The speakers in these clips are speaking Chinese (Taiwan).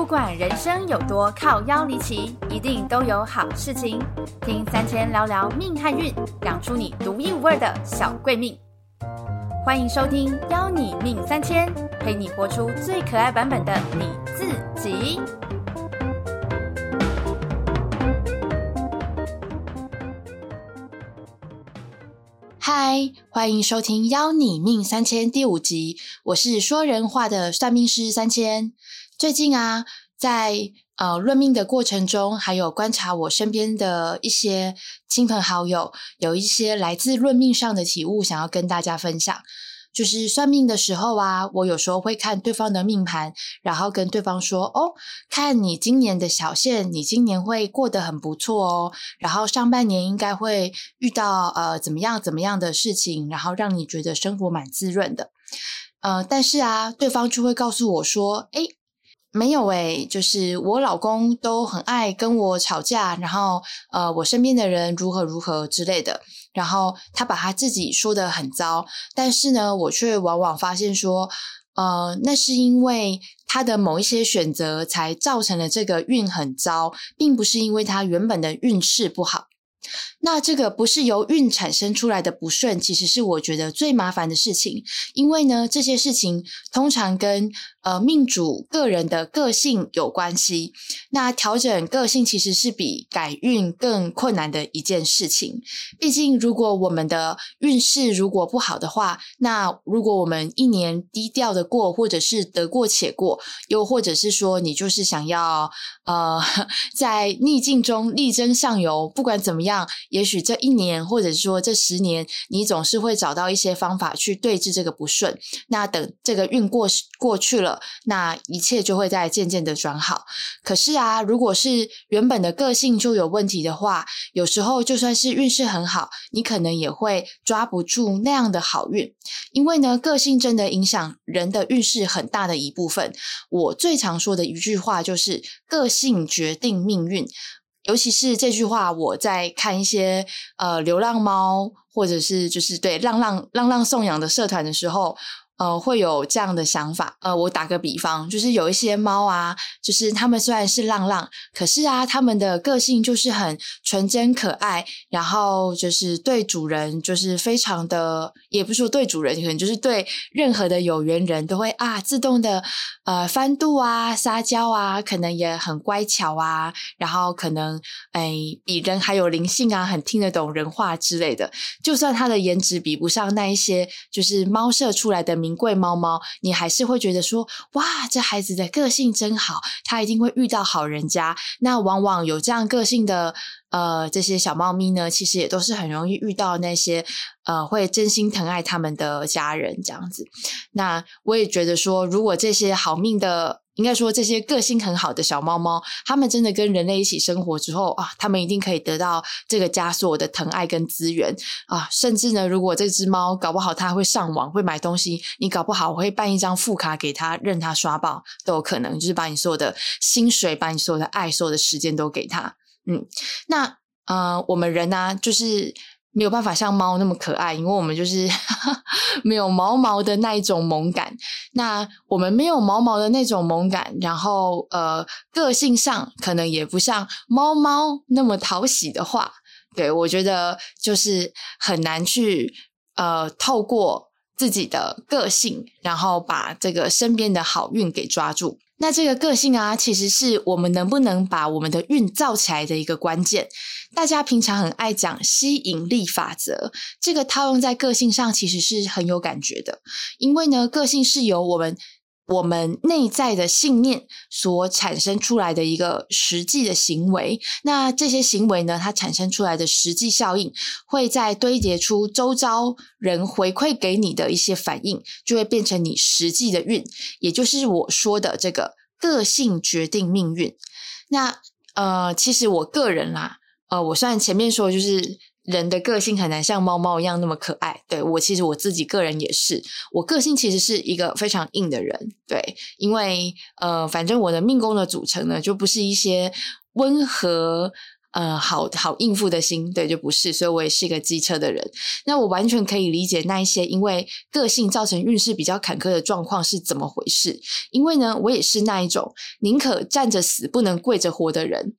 不管人生有多靠腰離奇，一定都有好事情。聽三千聊聊命和運，養出你獨一無二的小貴命。歡迎收聽《吆你命三仟》，陪你播出最可愛版本的你自己。嗨，歡迎收聽《吆你命三仟》第五集，我是說人話的算命師三千。最近啊，在呃論命的過程中，還有觀察我身邊的一些親朋好友，有一些來自論命上的體悟，想要跟大家分享。就是算命的時候啊，我有時候會看對方的命盤，然後跟對方說：“哦，看你今年的小限，你今年會過得很不錯哦。然後上半年應該會遇到呃怎麼樣怎麼樣的事情，然後讓你覺得生活蠻滋潤的。呃，但是啊，對方就會告訴我說：誒……”沒有誒，就是我老公都很愛跟我吵架，然後呃，我身邊的人如何如何之類的，然後他把他自己說得很糟，但是呢，我卻往往發現說，呃，那是因為他的某一些選擇才造成了這個運很糟，並不是因為他原本的運勢不好。那這個不是由運產生出來的不順，其實是我覺得最麻煩的事情。因為呢，這些事情通常跟呃命主個人的個性有關係。那調整個性其實是比改運更困難的一件事情。畢竟，如果我們的運勢如果不好的話，那如果我們一年低調的過，或者是得過且過，又或者是說你就是想要呃在逆境中力爭上游，不管怎麼樣。也許這一年，或者說這十年，你總是會找到一些方法去對峙這個不順。那等這個運過過去了，那一切就會再漸漸的轉好。可是啊，如果是原本的個性就有問題的話，有時候就算是運勢很好，你可能也會抓不住那樣的好運。因為呢，個性真的影響人的運勢很大的一部分。我最常說的一句話就是：個性決定命運。尤其是這句話，我在看一些呃流浪貓，或者是就是對浪浪浪浪送養的社團的時候，呃，會有這樣的想法。呃，我打個比方，就是有一些貓啊，就是它們雖然是浪浪，可是啊，它們的個性就是很純真可愛，然後就是對主人就是非常的。也不是說對主人，可能就是對任何的有緣人都會啊，自動的呃翻肚啊、撒嬌啊，可能也很乖巧啊，然後可能誒比、哎、人還有靈性啊，很聽得懂人話之類的。就算它的顏值比不上那一些就是貓舍出來的名貴貓貓，你還是會覺得說哇，這孩子的個性真好，他一定會遇到好人家。那往往有這樣個性的。呃，這些小貓咪呢，其實也都是很容易遇到那些呃會真心疼愛他們的家人這樣子。那我也覺得說，如果這些好命的，應該說這些個性很好的小貓貓，它們真的跟人類一起生活之後啊，它們一定可以得到這個家所有的疼愛跟資源啊。甚至呢，如果這隻貓搞不好它會上網會買東西，你搞不好我會辦一張副卡給它，任它刷爆都有可能，就是把你所有的薪水、把你所有的愛、所有的時間都給它。嗯，那呃，我們人呢、啊，就是沒有辦法像貓那麼可愛，因為我們就是哈哈沒有毛毛的那一種萌感。那我們沒有毛毛的那種萌感，然後呃，個性上可能也不像貓貓那麼討喜的話，對，我覺得就是很難去呃，透過自己的個性，然後把這個身邊的好運給抓住。那這個個性啊，其實是我們能不能把我們的運造起來的一個關鍵。大家平常很愛講吸引力法則，這個套用在個性上其實是很有感覺的，因為呢，個性是由我們。我們內在的信念所產生出來的一個實際的行為，那這些行為呢，它產生出來的實際效應，會再堆疊出周遭人回饋給你的一些反應，就會變成你實際的運，也就是我說的這個個性決定命運。那呃，其實我個人啦、啊，呃，我雖然前面說的就是。人的個性很難像貓貓一樣那麼可愛。對，我其實我自己個人也是，我個性其實是一個非常硬的人。對，因為呃，反正我的命宮的組成呢，就不是一些溫和呃好好應付的星。對，就不是，所以我也是一個機車的人。那我完全可以理解那一些因為個性造成運勢比較坎坷的狀況是怎麼回事。因為呢，我也是那一種寧可站着死，不能跪着活的人。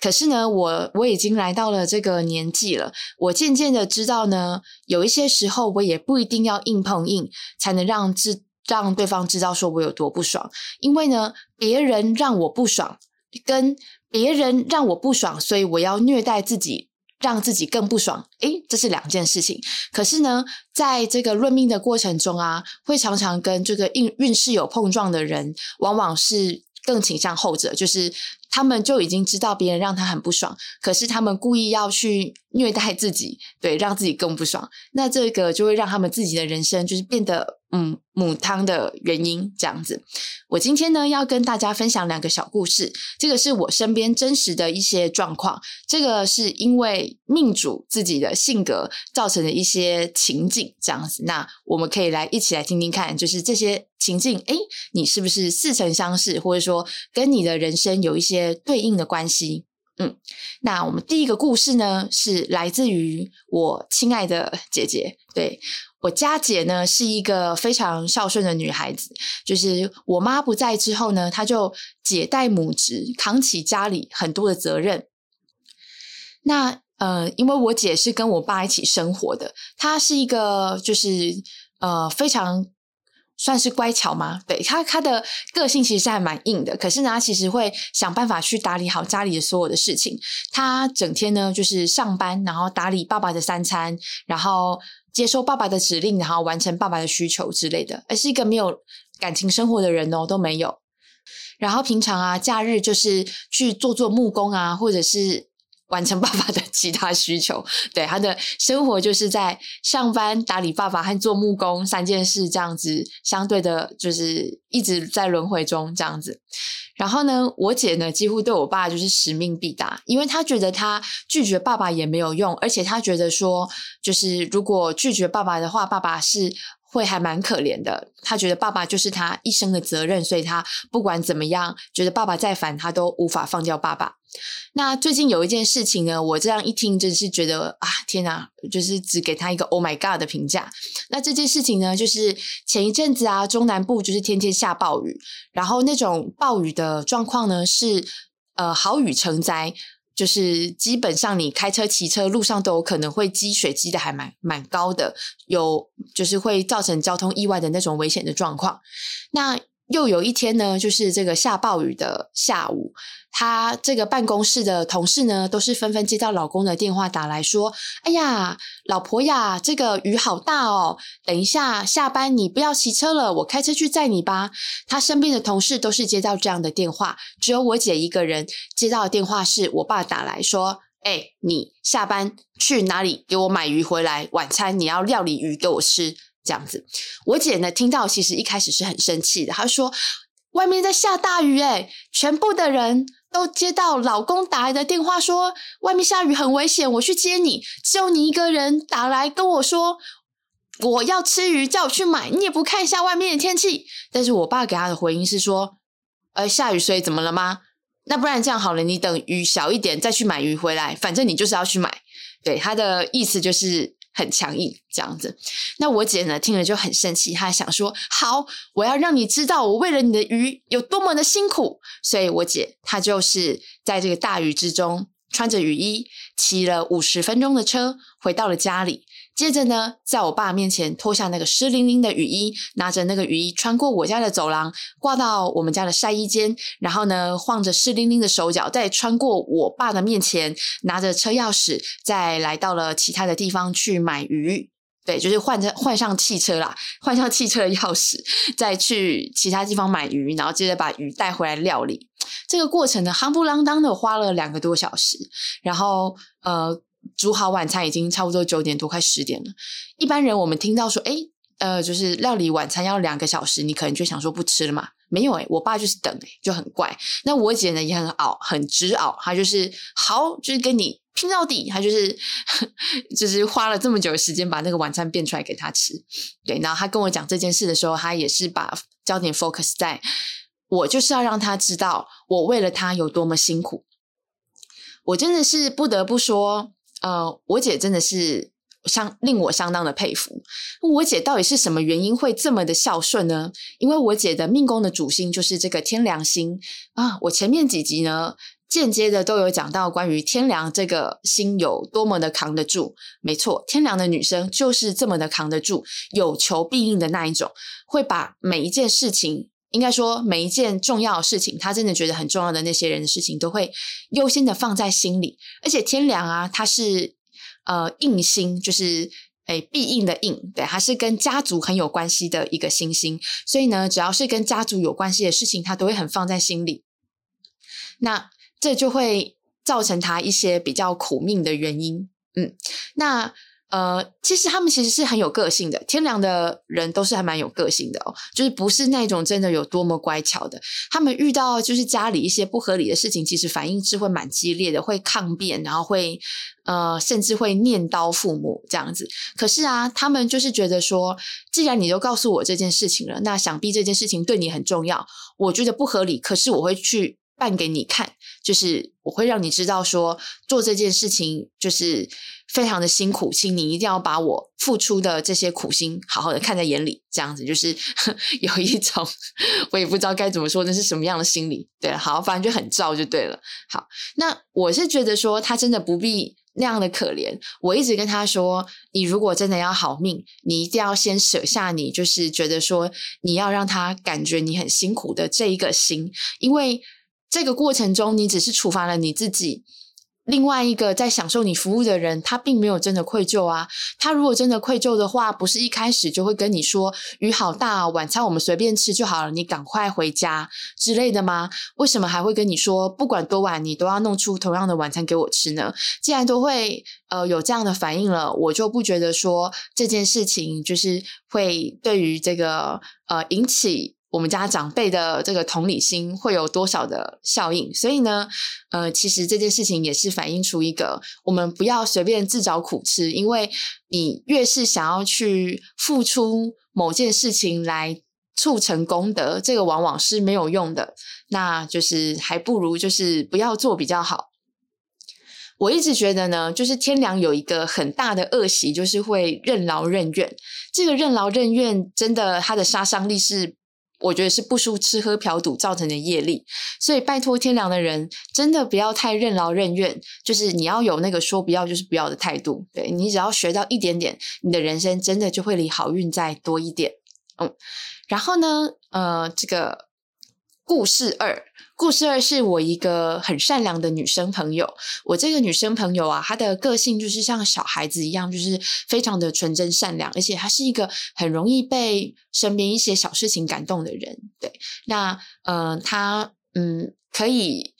可是呢，我我已經來到了這個年紀了，我漸漸的知道呢，有一些時候我也不一定要硬碰硬才能讓知讓對方知道說我有多不爽，因為呢，別人讓我不爽，跟別人讓我不爽，所以我要虐待自己，讓自己更不爽，誒，這是兩件事情。可是呢，在這個論命的過程中啊，會常常跟這個運運勢有碰撞的人，往往是更傾向後者，就是。他們就已經知道別人讓他很不爽，可是他們故意要去虐待自己，對，讓自己更不爽。那這個就會讓他們自己的人生就是變得。嗯，母湯的原因這樣子，我今天呢要跟大家分享兩個小故事。這個是我身邊真實的一些狀況，這個是因為命主自己的性格造成的一些情境這樣子。那我們可以來一起來聽聽看，就是這些情境，誒，你是不是似曾相識，或者說跟你的人生有一些對應的關係？嗯，那我們第一個故事呢，是來自於我親愛的姐姐。對，我家姐呢，是一個非常孝順的女孩子。就是我媽不在之後呢，她就姐代母職，扛起家裡很多的責任。那呃，因為我姐是跟我爸一起生活的，她是一個就是呃非常。算是乖巧嗎？對，他、他的個性其實還蠻硬的，可是呢，他其實會想辦法去打理好家裡的所有的事情。他整天呢就是上班，然後打理爸爸的三餐，然後接受爸爸的指令，然後完成爸爸的需求之類的。而是一個沒有感情生活的人哦，都沒有。然後平常啊，假日就是去做做木工啊，或者是。完成爸爸的其他需求，對，他的生活就是在上班、打理爸爸和做木工三件事這樣子，相對的，就是一直在輪迴中這樣子。然後呢，我姐呢幾乎對我爸就是使命必達，因為她覺得她拒絕爸爸也沒有用，而且她覺得說，就是如果拒絕爸爸的話，爸爸是。會還蠻可憐的，他覺得爸爸就是他一生的責任，所以他不管怎麼樣，覺得爸爸再煩，他都無法放掉爸爸。那最近有一件事情呢，我這樣一聽，真是覺得啊，天哪，就是只給他一個 “oh my god” 的評價。那這件事情呢，就是前一陣子啊，中南部就是天天下暴雨，然後那種暴雨的狀況呢，是呃豪雨成災。就是基本上，你開車、騎車路上都有可能會積水，積的還蠻蠻高的，有就是會造成交通意外的那種危險的狀況。那。又有一天呢，就是這個下暴雨的下午，她這個辦公室的同事呢，都是紛紛接到老公的電話打來說：“哎呀，老婆呀，這個雨好大哦，等一下下班你不要騎車了，我開車去載你吧。”她身邊的同事都是接到這樣的電話，只有我姐一個人接到的電話是我爸打來說：“哎，你下班去哪裡，給我買魚回來，晚餐你要料理魚給我吃。”這樣子，我姐呢，聽到，其實一開始是很生氣的。她說：“外面在下大雨，欸，哎，全部的人都接到老公打來的電話說，說外面下雨很危險，我去接你。只有你一個人打來跟我說，我要吃魚，叫我去買。你也不看一下外面的天氣。”但是我爸給她的回應是說：“呃，下雨所以怎麼了嗎？那不然這樣好了，你等雨小一點再去買魚回來，反正你就是要去買。對”對她的意思就是。很強硬這樣子，那我姐呢？聽了就很生氣，她想說：“好，我要讓你知道我為了你的魚有多麼的辛苦。”所以，我姐她就是在這個大雨之中，穿着雨衣，騎了五十分鐘的車，回到了家裡。接着呢，在我爸面前脫下那個濕淋淋的雨衣，拿着那個雨衣穿過我家的走廊，掛到我們家的曬衣間，然後呢，晃着濕淋淋的手腳，再穿過我爸的面前，拿着車鑰匙，再來到了其他的地方去買魚。對，就是換着換上汽車啦，換上汽車的鑰匙，再去其他地方買魚，然後接着把魚帶回來料理。這個過程呢，夯不啷當的花了兩個多小時，然後呃。煮好晚餐已經差不多九點多，快十點了。一般人我們聽到說，哎，呃，就是料理晚餐要兩個小時，你可能就想說不吃了嘛。沒有哎、欸，我爸就是等哎、欸，就很怪。那我姐呢也很拗，很執拗，她就是好，就是跟你拼到底。她就是，就是花了這麼久的時間把那個晚餐變出來給他吃。對，然後她跟我講這件事的時候，她也是把焦點 focus 在，我就是要讓他知道我為了他有多麼辛苦。我真的是不得不說。呃，我姐真的是相令我相當的佩服。我姐到底是什麼原因會這麼的孝順呢？因為我姐的命宮的主星就是這個天梁星啊。我前面幾集呢，間接的都有講到關於天梁這個星有多麼的扛得住。沒錯，天梁的女生就是這麼的扛得住，有求必應的那一種，會把每一件事情。應該說，每一件重要的事情，他真的覺得很重要的那些人的事情，都會優先的放在心裡。而且天梁啊，他是呃蔭星，就是誒、欸、庇蔭的蔭，對，他是跟家族很有關係的一個星星。所以呢，只要是跟家族有關係的事情，他都會很放在心裡。那這就會造成他一些比較苦命的原因。嗯，那。呃，其實他們其實是很有個性的，天梁的人都是還蠻有個性的哦，就是不是那種真的有多麼乖巧的。他們遇到就是家裡一些不合理的事情，其實反應是會蠻激烈的，會抗辯，然後會呃，甚至會念叨父母這樣子。可是啊，他們就是覺得說，既然你都告訴我這件事情了，那想必這件事情對你很重要。我覺得不合理，可是我會去。辦給你看，就是我會讓你知道說，說做這件事情就是非常的辛苦，請你一定要把我付出的這些苦心好好的看在眼裡。這樣子就是有一種我也不知道該怎麼說，那是什麼樣的心理？對，好，反正就很燥就對了。好，那我是覺得說他真的不必那樣的可憐。我一直跟他說，你如果真的要好命，你一定要先捨下你，就是覺得說你要讓他感覺你很辛苦的這一個心，因為。這個過程中，你只是處罰了你自己。另外一個在享受你服務的人，他並沒有真的愧疚啊。他如果真的愧疚的話，不是一開始就會跟你說“雨好大，啊，晚餐我們隨便吃就好了，你趕快回家”之類的嗎？為什麼還會跟你說不管多晚，你都要弄出同樣的晚餐給我吃呢？既然都會呃有這樣的反應了，我就不覺得說這件事情就是會對於這個呃引起。我們家長輩的這個同理心會有多少的效應？所以呢，呃，其實這件事情也是反映出一個，我們不要隨便自找苦吃，因為你越是想要去付出某件事情來促成功德，這個往往是沒有用的。那就是還不如就是不要做比較好。我一直覺得呢，就是天梁有一個很大的惡習，就是會任勞任怨。這個任勞任怨，真的它的殺傷力是。我覺得是不輸吃喝嫖賭造成的業力，所以拜託天梁的人，真的不要太任勞任怨，就是你要有那個說不要就是不要的態度。對，你只要學到一點點，你的人生真的就會離好運再多一點。嗯，然後呢，呃，這個。故事二，故事二是我一個很善良的女生朋友。我這個女生朋友啊，她的個性就是像小孩子一樣，就是非常的純真善良，而且她是一個很容易被身邊一些小事情感動的人。對，那，呃，嗯，她嗯可以。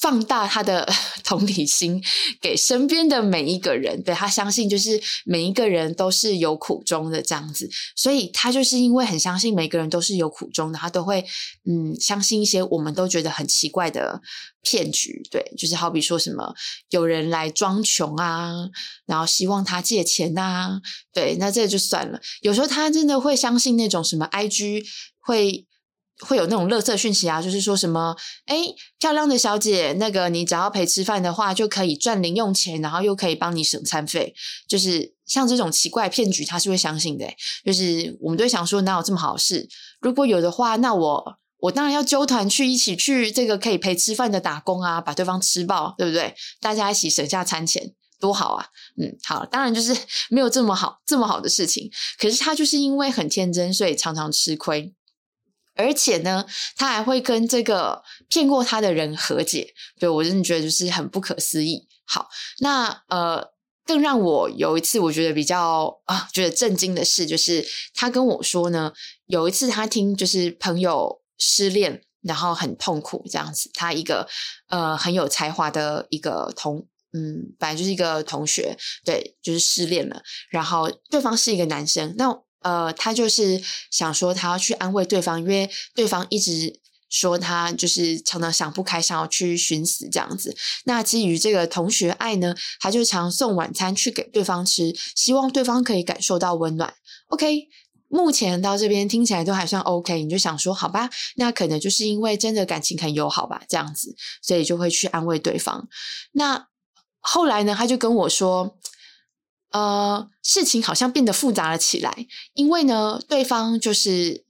放大他，的同理心，給身邊的每一個人。對，他相信就是每一個人都是有苦衷的這樣子，所以他就是因為很相信每一個人都是有苦衷的，他都會，嗯，相信一些我們都覺得很奇怪的騙局。對，就是好比說什麼有人來裝窮啊，然後希望他借錢吶啊，對，那這就算了。有時候他真的會相信那種什麼 IG 會。會有那種垃圾訊息啊，就是說什麼，誒，漂亮的小姐，那個你只要陪吃飯的話，就可以賺零用錢，然後又可以幫你省餐費。就是像這種奇怪騙局，他是會相信的。就是我們都想說，哪有這麼好事？如果有的話，那我我當然要揪團去一起去，這個可以陪吃飯的打工啊，把對方吃爆，對不對？大家一起省下餐錢，多好啊！嗯，好，當然就是沒有這麼好這麼好的事情。可是他就是因為很天真，所以常常吃虧。而且呢，他還會跟這個騙過他的人和解，對，我真的覺得就是很不可思議。好，那呃，更讓我有一次我覺得比較啊覺得震驚的事，就是他跟我說呢，有一次他聽就是朋友失戀，然後很痛苦這樣子。他一個呃很有才華的一個同嗯，反正就是一個同學，對，就是失戀了，然後對方是一個男生，那。呃，他就是想說，他要去安慰對方，因為對方一直說他就是常常想不開，想要去尋死這樣子。那基於這個同學愛呢，他就常送晚餐去給對方吃，希望對方可以感受到溫暖。OK，目前到這邊聽起來都還算 OK，你就想說好吧，那可能就是因為真的感情很友好吧，這樣子，所以就會去安慰對方。那後來呢，他就跟我說。呃，事情好像變得複雜了起來，因為呢，對方就是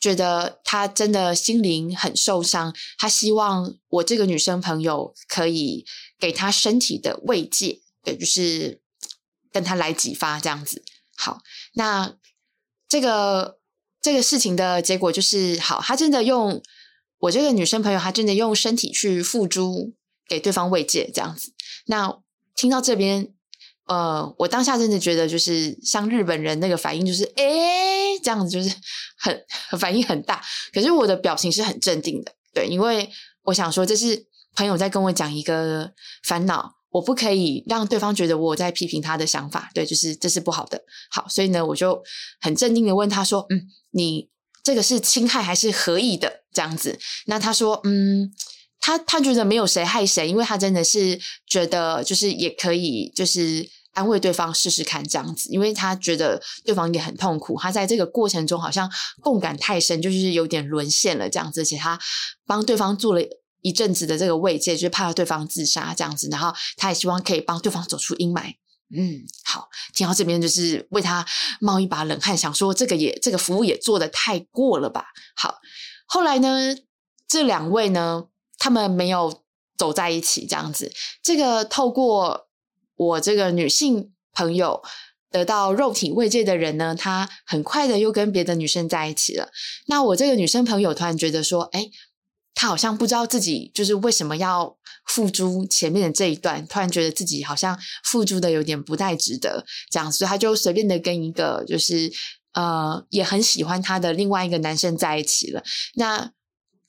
覺得他真的心靈很受傷，他希望我這個女生朋友可以給他身體的慰藉，也就是跟他來幾發這樣子。好，那這個這個事情的結果就是，好，他真的用我這個女生朋友，他真的用身體去付諸給對方慰藉這樣子。那聽到這邊。呃，我當下真的覺得，就是像日本人那個反應，就是誒、欸，這樣子就是很反應很大。可是我的表情是很鎮定的，對，因為我想說，這是朋友在跟我講一個煩惱，我不可以讓對方覺得我在批評他的想法，對，就是這是不好的。好，所以呢，我就很鎮定的問他說：“嗯，你這個是侵害還是合意的？”這樣子，那他說：“嗯，他他覺得沒有誰害誰，因為他真的是覺得就是也可以，就是。”安慰對方試試看這樣子，因為他覺得對方也很痛苦，他在這個過程中好像共感太深，就是有點淪陷了這樣子，而且他幫對方做了一陣子的這個慰藉，就是怕對方自殺這樣子，然後他也希望可以幫對方走出陰霾。嗯，好，聽到這邊就是為他冒一把冷汗，想說這個也這個服務也做得太過了吧。好，後來呢，這兩位呢，他們沒有走在一起這樣子，這個透過。我這個女性朋友得到肉體慰藉的人呢，她很快的又跟別的女生在一起了。那我這個女生朋友突然覺得說，哎，她好像不知道自己就是為什麼要付諸前面的這一段，突然覺得自己好像付諸的有點不太值得，這樣，所以她就隨便的跟一個就是呃也很喜歡她的另外一個男生在一起了。那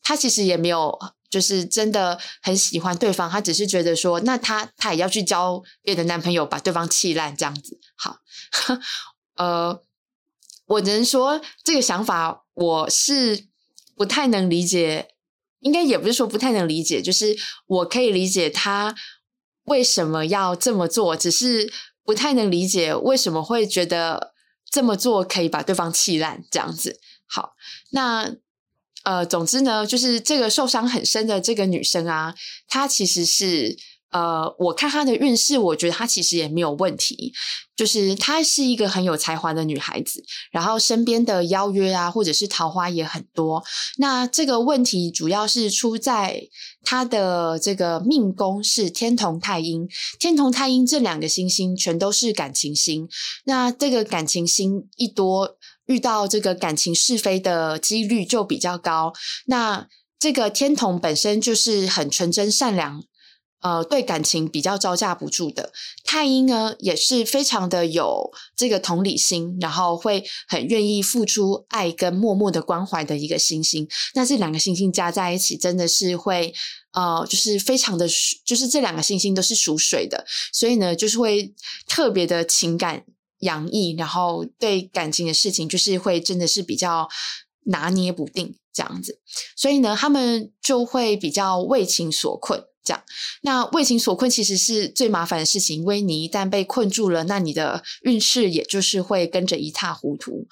她其實也沒有。就是真的很喜歡對方，他只是覺得說，那他他也要去交別的男朋友，把對方氣爛這樣子。好，呃，我能說這個想法我是不太能理解，應該也不是說不太能理解，就是我可以理解他為什麼要這麼做，只是不太能理解為什麼會覺得這麼做可以把對方氣爛這樣子。好，那。呃，總之呢，就是這個受傷很深的這個女生啊，她其實是呃，我看她的運勢，我覺得她其實也沒有問題，就是她是一個很有才華的女孩子，然後身邊的邀約啊，或者是桃花也很多。那這個問題主要是出在她的這個命宮是天同太陰，天同太陰這兩個星星全都是感情星，那這個感情星一多。遇到這個感情是非的幾率就比較高。那這個天同本身就是很純真善良，呃，對感情比較招架不住的。太陰呢，也是非常的有這個同理心，然後會很願意付出愛跟默默的關懷的一個星星。那這兩個星星加在一起，真的是會呃，就是非常的，就是這兩個星星都是屬水的，所以呢，就是會特別的情感洋溢，然後對感情的事情就是會真的是比較拿捏不定這樣子，所以呢，他們就會比較為情所困。這樣，那為情所困其實是最麻煩的事情，因為你一旦被困住了，那你的運勢也就是會跟着一塌糊塗。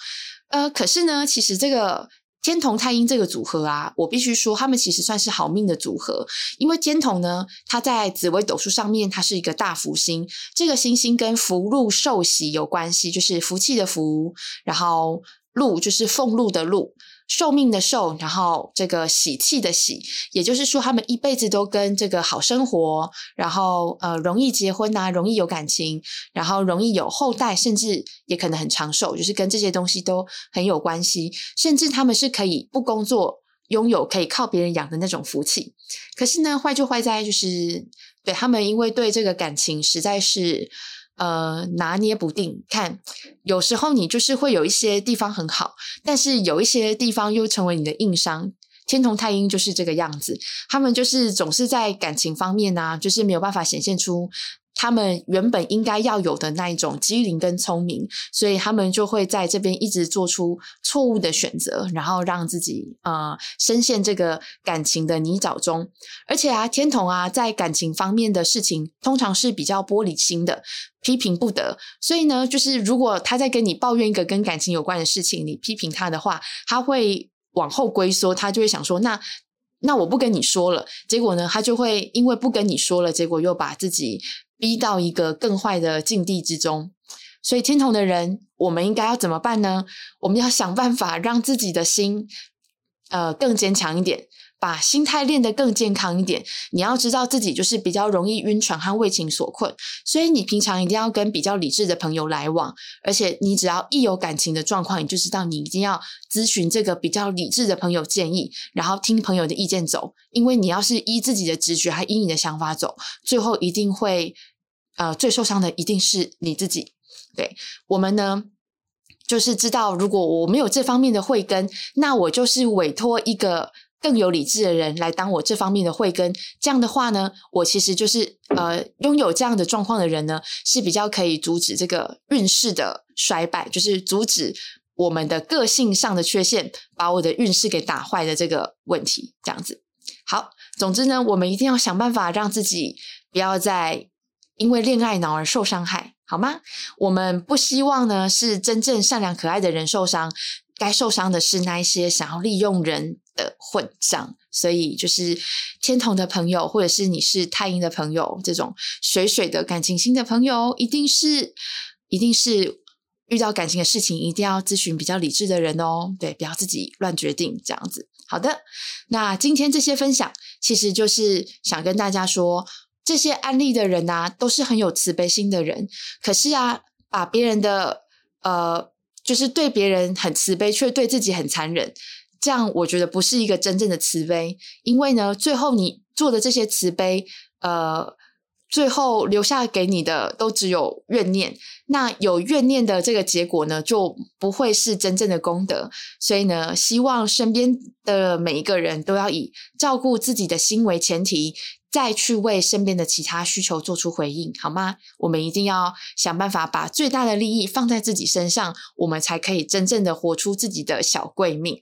呃，可是呢，其實這個。天同太陰這個組合啊，我必須說，他們其實算是好命的組合，因為天同呢，它在紫微斗數上面，它是一個大福星，這個星星跟福祿壽喜有關係，就是福氣的福，然後祿就是俸祿的祿。壽命的壽，然後這個喜氣的喜，也就是說，他們一輩子都跟這個好生活，然後呃，容易結婚吶、啊，容易有感情，然後容易有後代，甚至也可能很長壽，就是跟這些東西都很有關係。甚至他們是可以不工作，擁有可以靠別人養的那種福氣。可是呢，壞就壞在就是，對，他們因為對這個感情實在是。呃，拿捏不定，看，有時候你就是會有一些地方很好，但是有一些地方又成為你的硬傷。天同太陰就是這個樣子，他們就是總是在感情方面呢、啊，就是沒有辦法顯現出。他們原本應該要有的那一種機靈跟聰明，所以他們就會在這邊一直做出錯誤的選擇，然後讓自己呃深陷這個感情的泥沼中。而且啊，天同啊，在感情方面的事情通常是比較玻璃心的，批評不得。所以呢，就是如果他在跟你抱怨一個跟感情有關的事情，你批評他的話，他會往後龜縮，他就會想說，那那我不跟你說了。結果呢，他就會因為不跟你說了，結果又把自己。逼到一個更壞的境地之中，所以天同的人，我們應該要怎麼辦呢？我們要想辦法讓自己的心，呃，更堅強一點。把心態練得更健康一點。你要知道自己就是比較容易暈船和為情所困，所以你平常一定要跟比較理智的朋友來往。而且你只要一有感情的狀況，你就知道你一定要諮詢這個比較理智的朋友建議，然後聽朋友的意見走。因為你要是依自己的直覺還依你的想法走，最後一定會呃最受傷的一定是你自己。對。我們呢，就是知道如果我沒有這方面的慧根，那我就是委托一個。更有理智的人來當我這方面的慧根，這樣的話呢，我其實就是呃擁有這樣的狀況的人呢，是比較可以阻止這個運勢的衰敗，就是阻止我們的個性上的缺陷把我的運勢給打壞的這個問題。這樣子，好，總之呢，我們一定要想辦法讓自己不要再因為戀愛腦而受傷害，好嗎？我們不希望呢是真正善良可愛的人受傷，該受傷的是那一些想要利用人。的混賬，所以就是天同的朋友，或者是你是太陰的朋友，這種水水的感情心的朋友，一定是一定是遇到感情的事情，一定要諮詢比較理智的人哦，對，不要自己亂決定這樣子。好的，那今天這些分享，其實就是想跟大家說，這些案例的人吶、啊，都是很有慈悲心的人，可是啊，把別人的呃，就是對別人很慈悲，卻對自己很殘忍。這樣我覺得不是一個真正的慈悲，因為呢，最後你做的這些慈悲，呃，最後留下給你的都只有怨念。那有怨念的這個結果呢，就不會是真正的功德。所以呢，希望身邊的每一個人都要以照顧自己的心為前提，再去為身邊的其他需求做出回應，好嗎？我們一定要想辦法把最大的利益放在自己身上，我們才可以真正的活出自己的小貴命。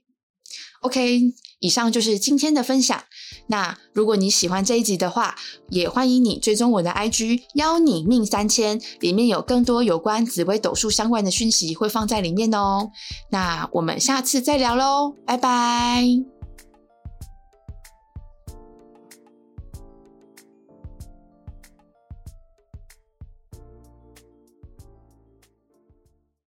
OK，以上就是今天的分享。那如果你喜歡這一集的話，也歡迎你追蹤我的 IG，吆你命三仟，裡面有更多有關紫微斗數相關的訊息會放在裡面哦。那我們下次再聊嘍，拜拜。